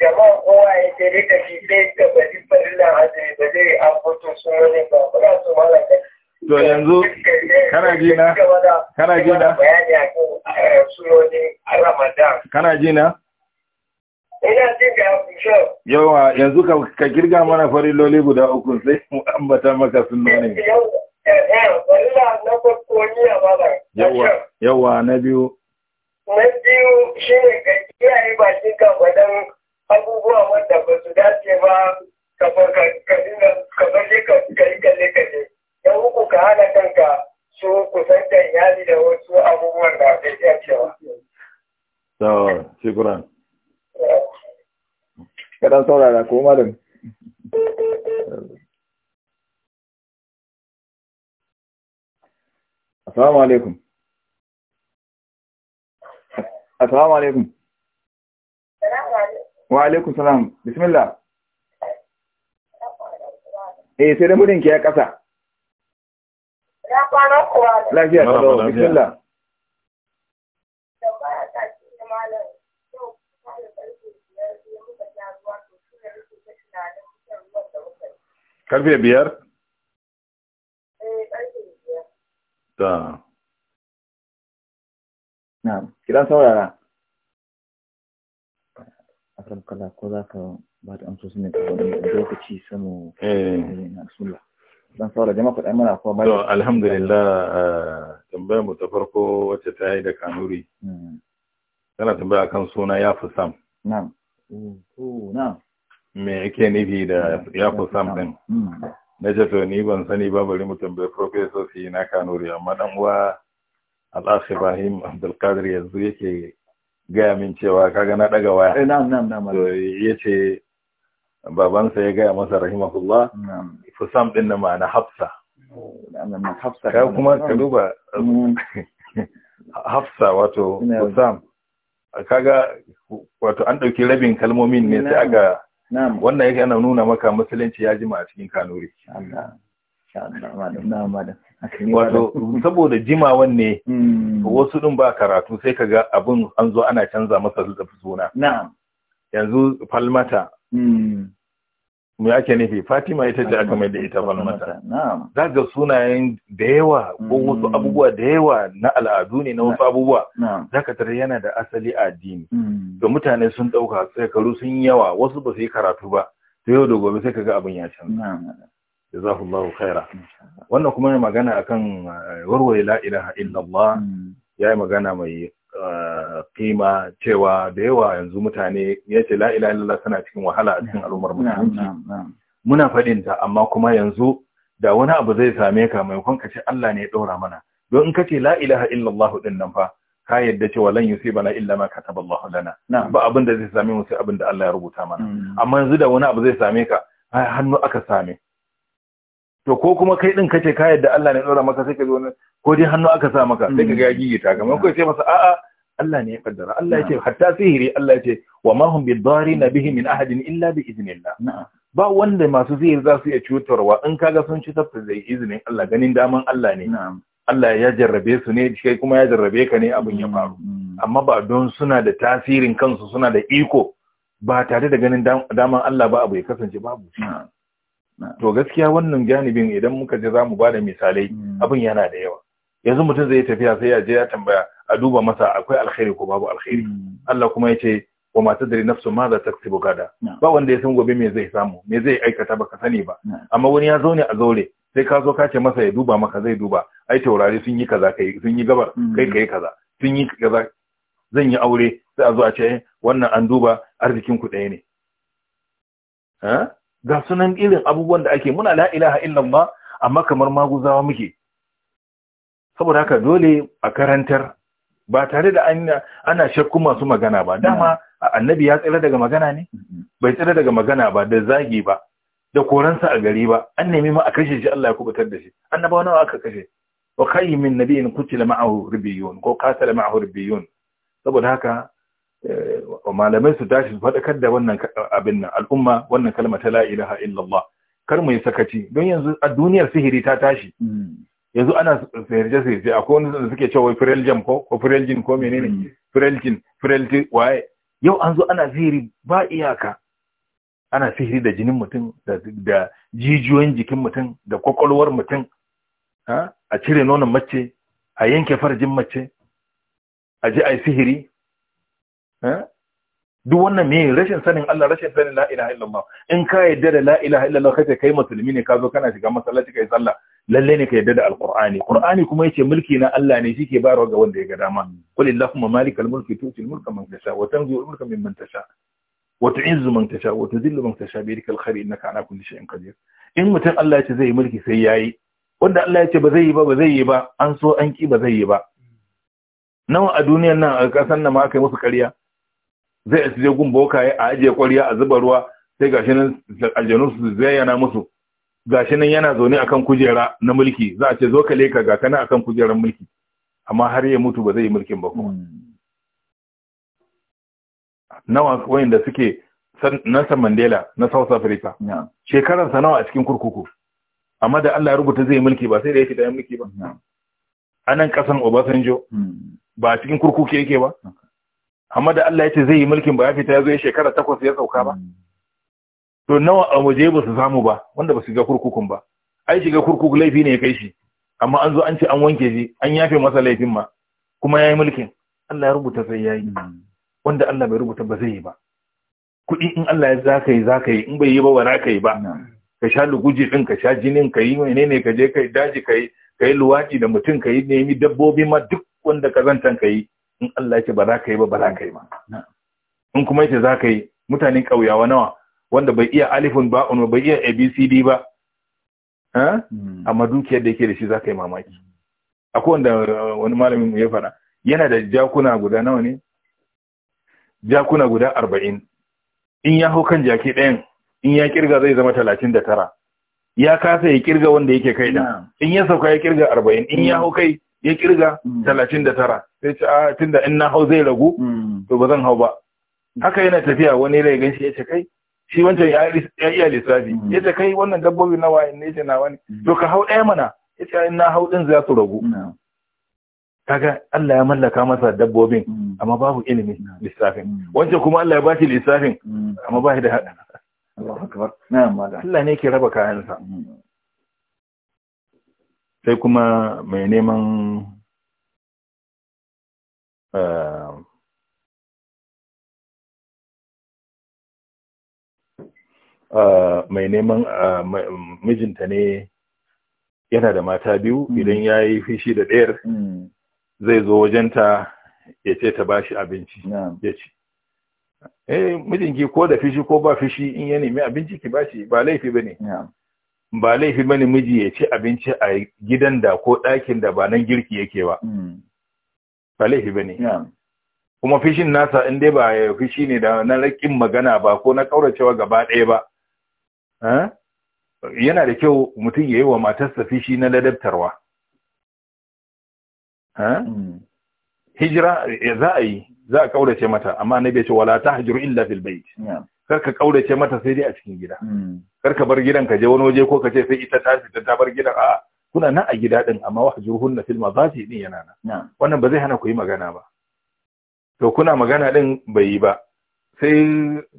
ya kowa ya ce rika shi sai da bari farillan azumi ba To yanzu kana ji na? Kana ji na? Eh, Ramadan. Kana ji na? Yawa yanzu ka kirga mana fariloli guda uku sai mu ambata maka sun nune. Yawa, na biyu. Na biyu shi ne ka kiyaye bakin kan faɗan abubuwa wanda ba su dace ba ka balle ka kai kalle kalle. ya uku ka hana kanka su kusantar yali da wasu abubuwan da bai dacewa. Tawa, shikuran. kaɗan saurara ko malam assalamu alaikum assalamu alaikum wa alaikum salam bismillah eh sai da mudinki ya kasa lafiya kalau bismillah Karfe biyar? Eh, karfe biyar. Ta. Na, kala ko za ka ba da amsosin da kawo eh. da Dan saura jama'a kuɗa mana kuma bai. To, alhamdulillah tambayar mu ta farko wacce ta yi da kanuri. Hmm. Tana tambaya kan suna ya fi sam. me yake nufi da ya kusam din hmm. na ce to ni ban sani ba bari mu tambayi professor si na kanuri amma dan uwa al'ashi ibrahim abdulkadir yanzu yake gaya min cewa kaga na daga waya eh, to ya ce babansa ya gaya masa rahimahullah fusam din na ma'ana hafsa ka kuma ka duba hmm. hafsa wato fusam kaga wato an ɗauki rabin kalmomin ne sai aka wannan yake ana nuna maka musulunci ya jima a cikin kanuri wato saboda jimawan ne hmm. wasu ɗin ba karatu sai ka ga abin an zo ana canza masa suna yanzu falmata hmm. mu yake nufi fatima ita ce aka mai da ita falmata za ga sunayen da yawa ko mm. wasu abubuwa da yawa na al'adu ne na wasu abubuwa za tare yana da asali addini da mm. mutane sun ɗauka shekaru sun yawa wasu ba su yi karatu ba ta yau da gobe sai ka ga abin ya canza jazakallahu khaira wannan kuma ya magana akan eh, warware la ilaha illallah mm. ya magana mai Eh, kima cewa da yawa yanzu mutane ya ce la'ila suna cikin wahala a cikin al'ummar musulunci muna faɗin ta amma kuma yanzu da wani abu zai same ka maimakon ka ce Allah ne ya ɗora mana don in ka ce la'ila ilaha illallah din nan fa ka yadda cewa lan bana illa ma Allah lana ba abin da zai same mu sai abin da Allah ya rubuta mana mm. amma yanzu da wani abu zai same ka hannu aka same to ko kuma kai din kace ka yadda Allah ne dora maka sai ka zo nan ko dai hannu aka sa maka sai ka ga hmm. gigita kamar ko sai masa a'a Allah ne ya kaddara Allah yace hatta sihiri Allah yace wa ma hum bidarin bihi min ahadin illa bi idnillah ba wanda masu sihiri za su iya cutarwa in kaga sun ci tafi da izinin Allah ganin daman Allah ne Allah ya jarrabe su ne kai kuma ya jarrabe ka ne abin ya faru hmm. Hmm. amma ba don suna da tasirin kansu suna da iko ba tare da ganin daman Allah ba abu ya kasance babu to gaskiya wannan janibin idan muka je za mu ba da misalai hmm. abin yana da yawa yanzu mutum zai tafiya sai ya je ya tambaya a duba masa akwai alkhairi ko babu alkhairi hmm. Allah kuma ya ce wa ma tadri nafsu ma za taksibu gada ba wanda ya san gobe me zai samu me zai aikata ba ka sani ba amma wani ya zo ne a zaure sai ka zo ka ce masa ya duba maka zai duba ai taurari sun yi kaza kai sun yi gabar hmm. kai kai kaza sun yi kaza zan yi aure sai a zo a ce eh, wannan an duba arzikin ku ɗaya ne ga sunan irin abubuwan da ake muna la'ilaha ilaha illallah amma kamar maguzawa muke saboda haka dole a karantar ba tare da ana shakku masu magana ba dama annabi ya tsira daga magana ne mm-hmm. bai tsira daga magana ba da zagi ba da koransa a gari ba an nemi ma a kashe shi Allah ya kubutar da shi annabawa nawa aka kashe wa khaymin nabiyyin kutila ma'ahu rubiyun ko katala ma'ahu rubiyun saboda haka Eh, malamai su tashi su faɗakar da wannan abin nan al'umma wannan kalma ta la'ila ilaha illallah kar mu yi sakaci don yanzu a duniyar sihiri ta tashi mm. yanzu ana sihirce sihirce akwai wani da suke cewa fireljin ko ko fireljin ko menene mm. fireljin fireljin waye yau an zo ana sihiri ba iyaka ana sihiri da jinin mutum da jijiyoyin jikin mutum da kwakwalwar mutum a cire nonon mace a yanke farjin mace a je a yi sihiri Eh? duk wannan ne rashin sanin Allah rashin sanin la ilaha illallah in ka yadda da la ilaha illallah kace kai musulmi ne ka zo kana shiga masallaci kai sallah lalle ne ka yadda da alqur'ani qur'ani kuma yace mulki na Allah ne shike bayar ga wanda ya ga dama qul illahumma malikal mulki tu'ti al mulka man tasha wa tanzi'u al mulka mimman tasha wa tu'izzu man tasha wa tudhillu man tasha bi yadika al khair innaka ala kulli shay'in qadir in mutum Allah yace zai mulki sai yayi wanda Allah yace ba zai yi ba ba zai yi ba an so an ki ba zai yi ba nawa a duniyar nan a kasan nan ma aka yi musu ƙarya zai isa je gun bokaye a ajiye kwariya a zuba ruwa sai gashi nan aljanu su zayyana musu gashi nan yana zaune akan kujera na mulki za a ce zo ka leka ga kana akan kujerar mulki amma har ya mutu ba zai yi mulkin ba kuma nawa wayanda suke Nelson Mandela na South Africa shekararsa nawa a cikin kurkuku amma da Allah ya rubuta zai mulki ba sai da ya da mulki ba anan kasan Obasanjo hmm. ba cikin kurkuku yake ba amma da Allah ya ce zai yi mulkin ba ya fita ya zo ya shekara takwas ya sauka ba to nawa a waje ba su samu ba wanda ba su ga kurkukun ba ai shiga kurkuku laifi ne ya kai shi amma an zo an ce an wanke shi an yafe masa laifin ma kuma ya yi mulkin Allah ya rubuta sai ya yi wanda Allah bai rubuta ba zai yi ba kuɗi in Allah ya zaka yi zaka yi in bai yi ba ba za ka yi ba ka sha luguji ɗin ka sha jinin ka yi menene ka je ka yi daji ka yi ka yi luwaɗi da mutum ka yi nemi dabbobi ma duk wanda ka zantan ka yi in Allah yake ba za ka yi ba ba za ka yi ba in kuma yake za ka yi mutanen ƙauyawa nawa wanda bai iya alifin ba ba bai iya abcd ba hmm. amma dukiyar da yake da shi za ka yi mamaki akwai wanda uh, wani malamin ya fara yana da jakuna guda nawa ne jakuna guda arba'in in ya hau kan jaki ɗayan in ya kirga zai zama talatin da tara ya kasa ya kirga wanda yake kai da in ya sauka ya kirga arba'in in ya hmm. hau kai ya kirga mm. talatin da tara sai ce a ah, tun da in na hau zai ragu mm. to ba zan hau ba haka yana tafiya wani rai ganshi ya ce kai shi wancan ya iya lissafi mm. ya ce kai wannan dabbobi na waye ne ce na wani to ka hau ɗaya mana ya ce in na hau ɗin za su ragu kaga Allah ya mallaka masa dabbobin amma babu ilimi lissafin wancan kuma Allah ya ba shi lissafin amma ba shi da haɗa Allah ne ke raba kayansa sai kuma mai neman eh, eh, mai neman eh, mijinta ne yana da mata biyu hmm. idan ya yi fishi da ɗayar hmm. zai zo wajenta ya ce ta bashi abinci ya ce eh mijinki ko da fishi ko ba fishi in ya nemi abinci ki bashi ba laifi ba ne ba laifi bane miji ya ci abinci a gidan da ko ɗakin da ba nan girki yake ba hmm. ba laifi bane kuma fishin nasa in dai ba ya fishi ne da na rakin magana ba ko na kauracewa gaba ɗaya ba yana da kyau mutum ya yi wa matarsa fishi na ladabtarwa hmm. hijira eh, za a yi za a kaurace mata amma na bai ce wala ta hajjiru illa fil bait kar ka kaurace mata sai dai a cikin gida hmm. kar ka bar gidan ka je wani waje ko ka ce sai ita ta fita ta bar gidan a kuna nan a gida din amma wahjuhunna fil mazaji din yana nan wannan ba zai hana ku yi magana ba to kuna magana din bai yi ba sai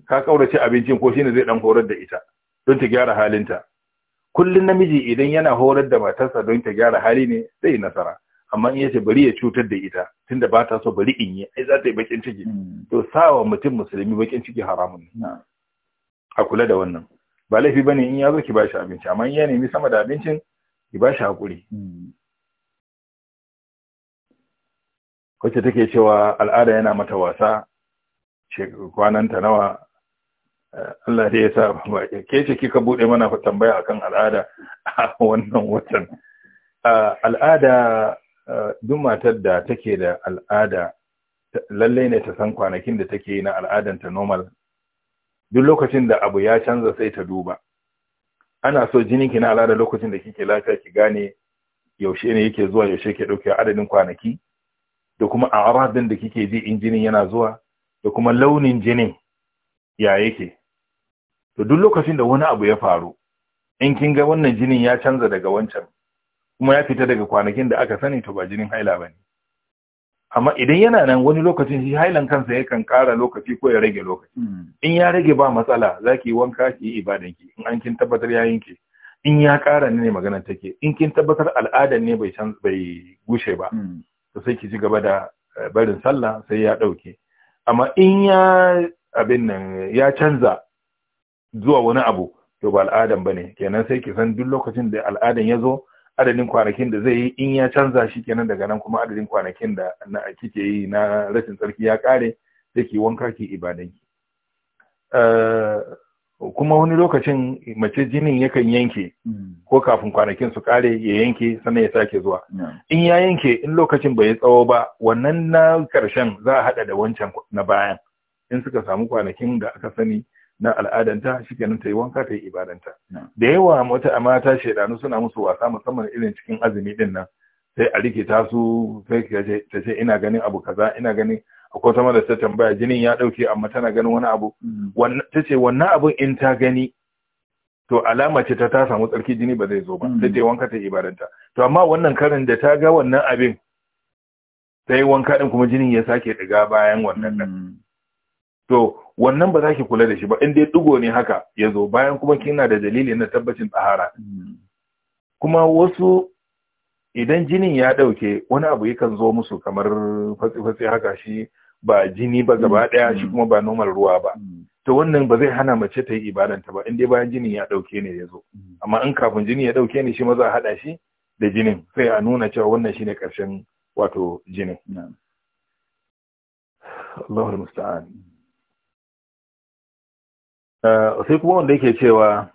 ka kaurace abincin ko shine zai dan horar da ita don ta gyara halinta kullun namiji idan yana horar da matarsa don ta gyara hali ne zai yi nasara amma in yace bari ya cutar da ita tunda ba ta so bari in yi ai za ta yi bakin ciki hmm. to sawa mutum musulmi bakin ciki haramun ne a kula da wannan ba laifi bane in ya zo ki bashi abinci amma in ya nemi sama da abincin ki bashi hakuri wacce take cewa al'ada yana mata wasa kwananta nawa Allah dai ya sa ke ce kika bude mana tambaya akan al'ada a wannan watan al'ada duk matar da take da al'ada lalle ne ta san kwanakin da take yi na al'adanta normal duk lokacin da abu ya canza sai ta duba ana so jinin ki na al'ada lokacin da kike lafiya ki gane yaushe ne yake zuwa yaushe ke dauke adadin kwanaki da kuma a'radin da kike ji in jinin yana zuwa da kuma launin jinin ya yake to duk lokacin da wani abu ya faru in kin ga wannan jinin ya canza daga wancan kuma ya fita daga kwanakin da aka sani to ba jinin haila bane amma idan yana nan wani lokacin shi hailan kansa ya kan ƙara lokaci ko ya rage lokaci hmm. in ya rage ba matsala za ki yi wanka ki yi ibadan ki in an kin tabbatar ya ki. in ya ƙara ne magana take in kin tabbatar al'adan ne bai bai gushe ba hmm. to sai ki ci gaba da eh, barin sallah sai ya ɗauke amma in ya abin nan ya canza zuwa wani abu to ba al'adan ba ne kenan sai ki san duk lokacin da al'adan ya zo adadin kwanakin da zai yi in ya canza shi kenan daga nan kuma adadin kwanakin da na kike yi na rashin tsarki ya kare sai ki wanka ki ibadanki eh, kuma wani lokacin mace jinin yakan yanke ko kafin kwanakin su kare ya yanke sannan ya sake zuwa in ya yanke in lokacin bai tsawo ba wannan na karshen za a haɗa da wancan na bayan in suka samu kwanakin da aka sani na al'adanta shikenan ta yi wanka ta yi ibadanta da yawa mata mata shaidanu suna musu wasa musamman irin cikin azumi din nan sai a rike ta su sai ta ce ina ganin abu kaza ina ganin akwai ta da ta tambaya jinin ya dauke amma tana ganin wani abu mm. ta ce wannan abun in ta gani to alama ce ta ta samu tsarki jini ba zai zo ba sai mm. ta yi wanka ta yi ibadanta to amma wannan karin da ta ga wannan abin sai wanka din kuma jinin ya sake daga bayan wannan to wannan ba za ki kula da shi ba in dai digo ne haka ya zo bayan kuma kina da dalili na tabbacin tsahara mm. kuma wasu idan jinin ya ɗauke wani abu yakan zo musu kamar fatsi-fatsi haka shi ba jini ba gaba mm, ɗaya shi mm. kuma ba normal ruwa ba to wannan ba zai hana mace ta yi ibadanta ba in dai bayan jinin ya ɗauke ne ya zo amma in kafin jini ya ɗauke ne shi maza a haɗa shi da jinin sai a nuna cewa wannan shine ƙarshen wato jinin Allahul musta'an Eh, sai kuma wanda yake cewa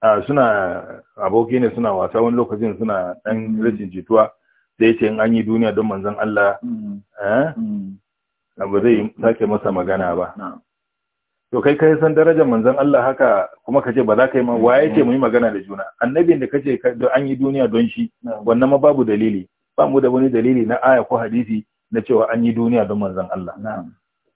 ah, suna aboki ne suna wasa wani lokacin suna ɗan hmm. rashin jituwa da ya ce in an yi duniya don manzan Allah hmm. Eh, hmm. ba zai sake masa magana ba to kai kai san darajar manzon Allah haka kuma kace ba za ka yi ma waye ce mu yi magana da juna annabin da kace an yi duniya don shi wannan ma babu dalili ba mu da wani dalili na aya ko hadisi na cewa an yi duniya don manzon Allah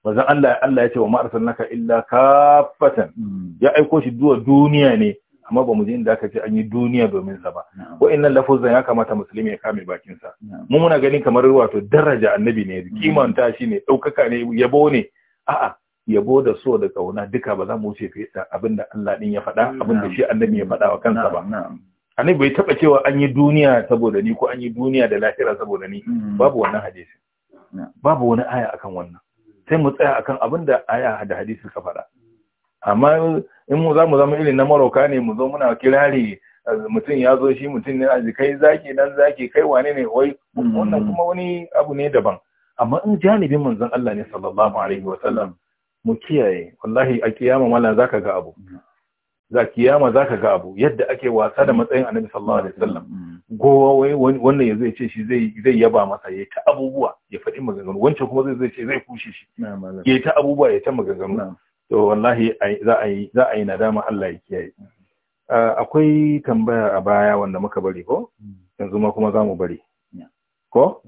manzon Allah Allah ya ce wa ma arsalnaka illa kaffatan ya aiko shi duwa duniya ne amma ba mu ji inda aka ce an yi duniya domin sa ba Ko wa'annan lafuzan ya kamata musulmi ya kame bakin sa mu muna ganin kamar wato daraja annabi ne mm. kimanta shi ne daukaka ne yabo ne a'a yabo da so da kauna duka ba za mu wuce fiye abinda Allah din ya faɗa mm, abinda shi annabi ya faɗa wa kansa ba annabi bai taba cewa an yi duniya saboda ni ko an yi duniya da lahira saboda ni mm. babu wannan hadisi babu wani aya akan wannan sai mu tsaya akan abin da aya da hadisi suka faɗa amma in mu za mu zama irin na marauka ne mu zo muna kirari mutum ya zo shi mutum ne aji kai zaki nan zaki kai wane ne wai wannan kuma wani abu ne daban amma in janibin manzon Allah ne sallallahu alaihi wa sallam mu kiyaye wallahi a kiyama mala zaka ga abu za kiyama zaka ga abu yadda ake wasa da matsayin annabi sallallahu alaihi wa sallam gowa wai wannan ya zai ce shi zai yaba masa ya ta abubuwa ya faɗi maganganu wancan kuma zai zai ce zai kushe shi ya ta abubuwa ya ta maganganu to wallahi za a yi nadama Allah ya kiyaye mm-hmm. ah, akwai tambaya a baya wanda muka bari ko mm-hmm. yanzu ma kuma za mu bari ko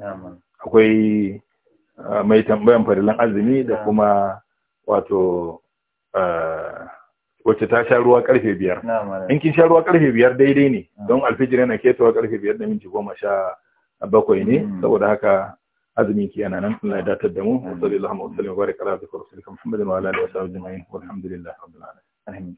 akwai ah, mai tambayan farilan azumi da kuma wato ah, wacce ta sha ruwa karfe biyar in kin sha ruwa karfe biyar daidai ne ah. don alfijir yana ketawa karfe biyar da minti goma sha bakwai ne hmm. saboda haka azumin ki yana nan Allah ya datar da mu hmm. sallallahu alaihi wa sallam wa baraka ala rasulika muhammadin wa ala alihi wa sahbihi ajma'in walhamdulillahi rabbil alamin